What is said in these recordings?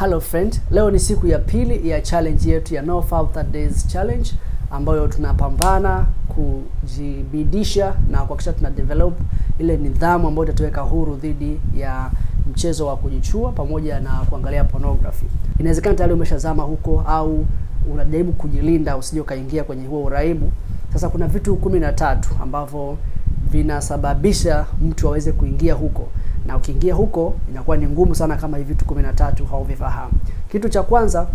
Hello friend, leo ni siku ya pili ya challenge yetu ya No Father Days challenge ambayo tunapambana kujibidisha na kuhakikisha tuna develop ile nidhamu ambayo itatuweka huru dhidi ya mchezo wa kujichua pamoja na kuangalia pornography. Inawezekana tayari umeshazama huko au unajaribu kujilinda usije ukaingia kwenye huo uraibu. Sasa kuna vitu kumi na tatu ambavyo vinasababisha mtu aweze kuingia huko na ukiingia huko inakuwa ni ngumu sana kama hivi vitu 13 hauvifahamu. Kitu cha kwanza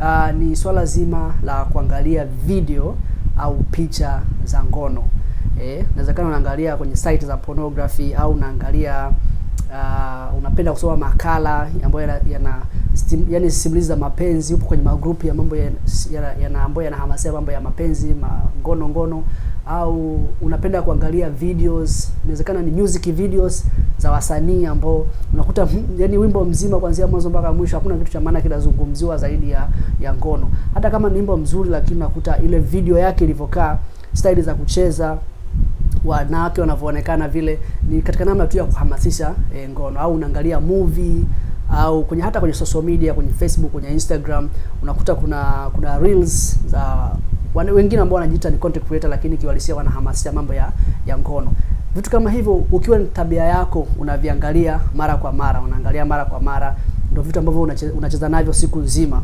uh, ni swala zima la kuangalia video au picha za ngono. Eh, inawezekana unaangalia kwenye site za pornography au unaangalia uh, unapenda kusoma makala ambayo yana, yana yani simulizi za mapenzi, upo kwenye magrupu ya mambo ya, ambayo yanahamasia mambo ya mapenzi ma, ngono ngono au unapenda kuangalia videos, inawezekana ni music videos za wasanii ambao unakuta hmm, yani wimbo mzima kuanzia mwanzo mpaka mwisho hakuna kitu cha maana kinazungumziwa zaidi ya ya ngono. Hata kama ni wimbo mzuri, lakini unakuta ile video yake ilivyokaa, staili za kucheza wanawake wanavyoonekana vile ni katika namna tu ya kuhamasisha e, ngono. Au unaangalia movie au kwenye hata kwenye social media, kwenye Facebook, kwenye Instagram unakuta kuna kuna reels za wana, wengine ambao wanajiita ni content creator lakini kiwalisia wanahamasisha mambo ya ya ngono. Vitu kama hivyo ukiwa ni tabia yako unaviangalia mara kwa mara, unaangalia mara kwa mara, ndio vitu ambavyo unacheza, unacheza navyo siku nzima.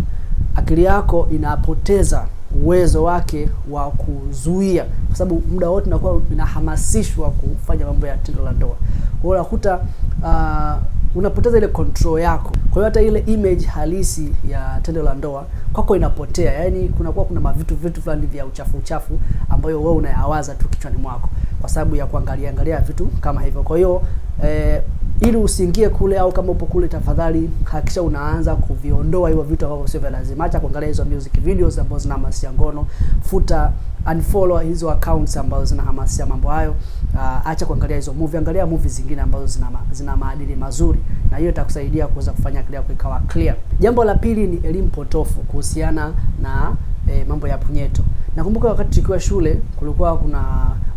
Akili yako inapoteza uwezo wake wa kuzuia, kwa sababu muda wote inakuwa inahamasishwa kufanya mambo ya tendo la ndoa. Kwa hiyo unakuta uh, unapoteza ile control yako. Kwa hiyo hata ile image halisi ya tendo la ndoa kwako inapotea, yaani kunakuwa kuna mavitu vitu fulani vya uchafu uchafu ambayo wewe unayawaza tu kichwani mwako kwa sababu ya kuangalia angalia vitu kama hivyo. Kwa hiyo eh, ili usiingie kule, au kama upo kule, tafadhali hakikisha unaanza kuviondoa hivyo vitu ambavyo sio vya lazima. Acha kuangalia hizo music videos ambazo zinahamasisha ngono, futa unfollow hizo accounts ambazo zinahamasisha mambo hayo. Uh, acha kuangalia hizo movie, angalia movie zingine ambazo zina, ma, zina maadili mazuri, na hiyo itakusaidia kuweza kufanya akili yako ikawa clear. Jambo la pili ni elimu potofu kuhusiana na eh, mambo ya punyeto. Nakumbuka wakati tukiwa shule kulikuwa kuna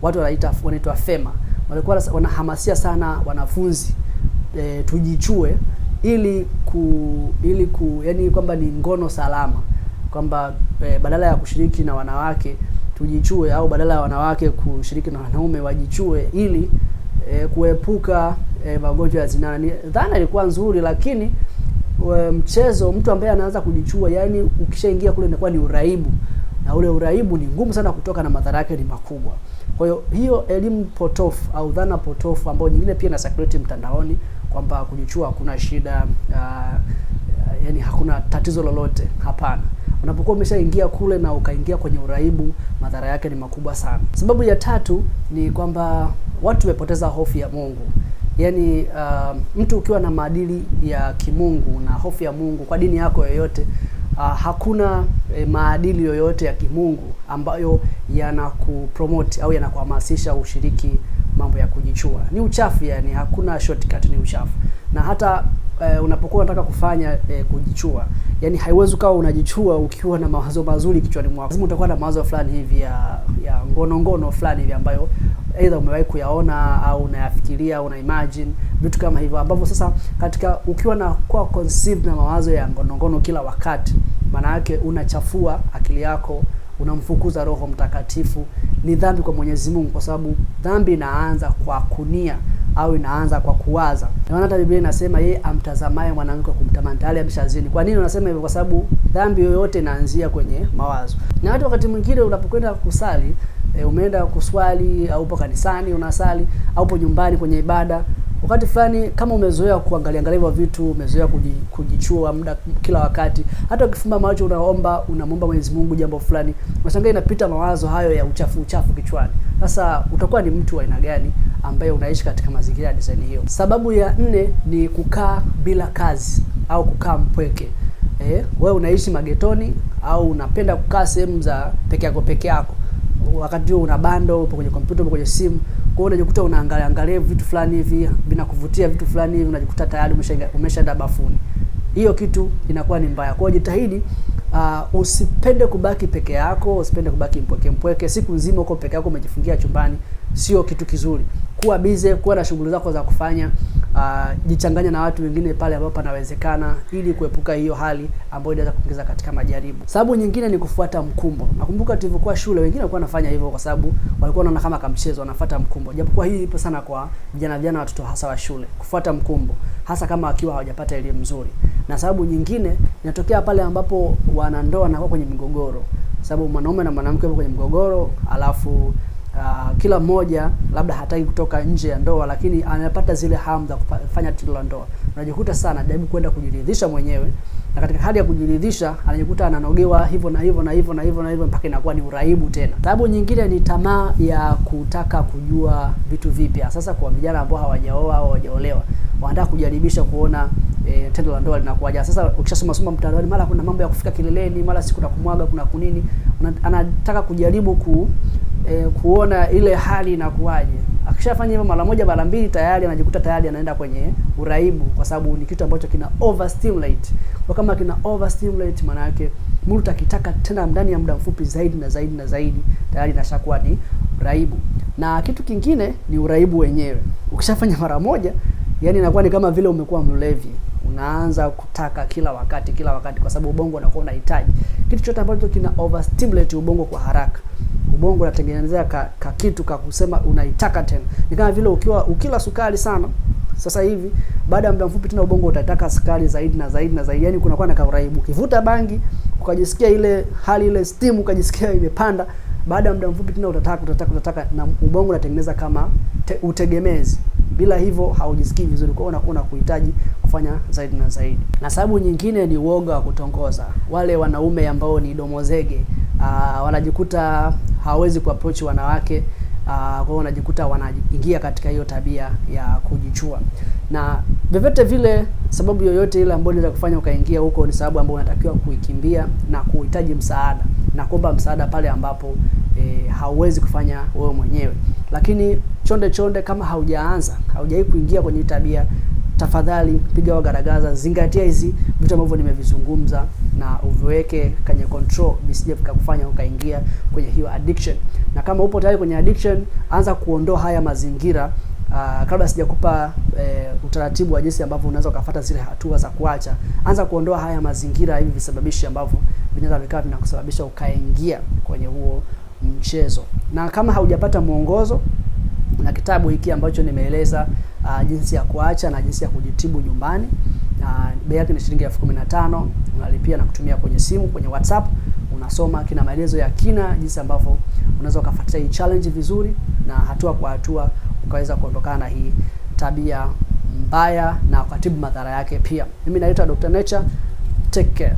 watu wanaita wanaitwa fema, walikuwa wanahamasia sana wanafunzi e, tujichue ili ku, ili ku, yani kwamba ni ngono salama kwamba e, badala ya kushiriki na wanawake tujichue, au badala ya wanawake kushiriki na wanaume wajichue ili e, kuepuka e, magonjwa ya zinaa. Dhana ilikuwa nzuri, lakini we, mchezo mtu ambaye anaanza kujichua, yani ukishaingia kule inakuwa ni uraibu, na ule uraibu ni ngumu sana kutoka, na madhara yake ni makubwa. Kwa hiyo hiyo elimu potofu au dhana potofu ambayo nyingine pia na security mtandaoni kwamba kujichua hakuna shida uh, yani hakuna tatizo lolote. Hapana, unapokuwa umeshaingia kule na ukaingia kwenye uraibu, madhara yake ni makubwa sana. Sababu ya tatu ni kwamba watu wamepoteza hofu ya Mungu. Yaani uh, mtu ukiwa na maadili ya kimungu na hofu ya Mungu kwa dini yako yoyote Uh, hakuna eh, maadili yoyote ya kimungu ambayo yanakupromote au yanakuhamasisha ushiriki mambo ya kujichua, ni uchafu yani, hakuna shortcut, ni uchafu. Na hata e, unapokuwa unataka kufanya e, kujichua, yani haiwezi ukawa unajichua ukiwa na mawazo mazuri kichwani mwako, lazima utakuwa na mawazo fulani hivi ya ya ngono ngono fulani hivi ambayo aidha umewahi kuyaona au unayafikiria, una imagine vitu kama hivyo, ambavyo sasa katika ukiwa na kuwa conceived na mawazo ya ngono ngono kila wakati, maana yake unachafua akili yako unamfukuza Roho Mtakatifu. Ni dhambi kwa Mwenyezi Mungu, kwa sababu dhambi inaanza kwa kunia au inaanza kwa kuwaza. Maana hata Biblia inasema yeye amtazamaye mwanamke kumtamani tayari ameshazini. Kwa nini unasema hivyo? Kwa sababu dhambi yoyote inaanzia kwenye mawazo. Na hata wakati mwingine unapokwenda kusali e, umeenda kuswali au upo kanisani unasali au upo nyumbani kwenye ibada wakati fulani, kama umezoea kuangalia angalia hivyo vitu, umezoea kujichua muda kila wakati, hata ukifumba macho unaomba, unamwomba Mwenyezi Mungu jambo fulani, unashangaa inapita mawazo hayo ya uchafu uchafu kichwani. Sasa utakuwa ni mtu wa aina gani ambaye unaishi katika mazingira ya design hiyo? Sababu ya nne ni kukaa bila kazi au kukaa mpweke. Eh, wewe unaishi magetoni au unapenda kukaa sehemu za peke yako peke yako, wakati huo una bando, upo kwenye kompyuta, upo kwenye simu kwa hiyo unajikuta unaangalia angalia vitu fulani hivi vinakuvutia vitu fulani hivi unajikuta tayari umeshaenda umesha bafuni. Hiyo kitu inakuwa ni mbaya. Kwa hiyo jitahidi uh, usipende kubaki peke yako, usipende kubaki mpweke mpweke. Siku nzima uko peke yako umejifungia chumbani, sio kitu kizuri kuwa bize, kuwa na shughuli zako za kufanya. Uh, ah, jichanganya na watu wengine pale ambapo panawezekana, ili kuepuka hiyo hali ambayo inaweza kuingiza katika majaribu. Sababu nyingine ni kufuata mkumbo. Nakumbuka tulivyokuwa shule, wengine walikuwa wanafanya hivyo kwa sababu walikuwa wanaona kama kamchezo, wanafuata mkumbo, japokuwa hii ipo sana kwa vijana vijana, watoto hasa wa shule, kufuata mkumbo, hasa kama wakiwa hawajapata elimu nzuri. Na sababu nyingine inatokea pale ambapo wanandoa wanakuwa kwenye migogoro, sababu mwanaume na mwanamke wapo kwenye mgogoro alafu uh, kila mmoja labda hataki kutoka nje ya ndoa, lakini anapata zile hamu za kufanya tendo la ndoa. Unajikuta sana jaribu kwenda kujiridhisha mwenyewe, na katika hali ya kujiridhisha anajikuta ananogewa hivyo na hivyo na hivyo na hivyo na hivyo mpaka inakuwa ni uraibu tena. Sababu nyingine ni tamaa ya kutaka kujua vitu vipya. Sasa kwa vijana ambao hawajaoa au hawajaolewa, wanataka kujaribisha kuona E, tendo la ndoa linakuwaje? Sasa ukishasoma soma mtandaoni, mara kuna mambo ya kufika kileleni, mara si kuna kumwaga, kuna kunini, anataka kujaribu ku eh, kuona ile hali inakuwaje. Akishafanya hivyo mara moja mara mbili, tayari anajikuta tayari anaenda kwenye uraibu, kwa sababu ni kitu ambacho kina overstimulate. Kwa kama kina overstimulate, maana yake mtu akitaka tena ndani ya muda mfupi zaidi na zaidi na zaidi, tayari inashakuwa ni uraibu. Na kitu kingine ni uraibu wenyewe. Ukishafanya mara moja, yani inakuwa ni kama vile umekuwa mlevi unaanza kutaka kila wakati kila wakati, kwa sababu ubongo unakuwa unahitaji kitu chote ambacho kina overstimulate ubongo kwa haraka ubongo unatengenezea ka, ka kitu ka kusema unaitaka tena. Ni kama vile ukiwa ukila sukari sana sasa hivi, baada ya muda mfupi tena ubongo utataka sukari zaidi na zaidi na zaidi, yaani kunakuwa na kauraibu. Ukivuta bangi ukajisikia ile hali ile steam ukajisikia imepanda, baada ya muda mfupi tena utataka utataka utataka, na ubongo unatengeneza kama te, utegemezi. Bila hivyo haujisikii vizuri, kwa hiyo unakuwa unakuhitaji kufanya zaidi na zaidi. Na sababu nyingine ni uoga wa kutongoza. Wale wanaume ambao ni domozege, uh, wanajikuta hawawezi kuapproach wanawake uh, kwa hiyo wanajikuta wanaingia katika hiyo tabia ya kujichua, na vyovyote vile, sababu yoyote ile ambayo inaweza kufanya ukaingia huko ni sababu ambayo unatakiwa kuikimbia na kuhitaji msaada na kuomba msaada pale ambapo e, hauwezi kufanya wewe mwenyewe. Lakini chonde chonde, kama haujaanza haujai kuingia kwenye tabia, tafadhali piga wagaragaza, zingatia hizi vitu ambavyo nimevizungumza, na uviweke kwenye control visije vikakufanya ukaingia kwenye hiyo addiction. Na kama upo tayari kwenye addiction, anza kuondoa haya mazingira. Uh, kabla sijakupa uh, utaratibu wa jinsi ambavyo unaweza ukafuata zile hatua za kuacha, anza kuondoa haya mazingira, hivi visababishi ambavyo vinaweza vikawa vinakusababisha ukaingia kwenye huo mchezo. Na kama haujapata mwongozo na kitabu hiki ambacho nimeeleza, uh, jinsi ya kuacha na jinsi ya kujitibu nyumbani na bei yake ni shilingi elfu kumi na tano. Unalipia na kutumia kwenye simu, kwenye WhatsApp unasoma kina maelezo ya kina jinsi ambavyo unaweza ukafuatilia hii challenge vizuri na hatua kwa hatua ukaweza kuondokana na hii tabia mbaya na ukatibu madhara yake pia. Mimi naitwa Dr. Nature. Take care.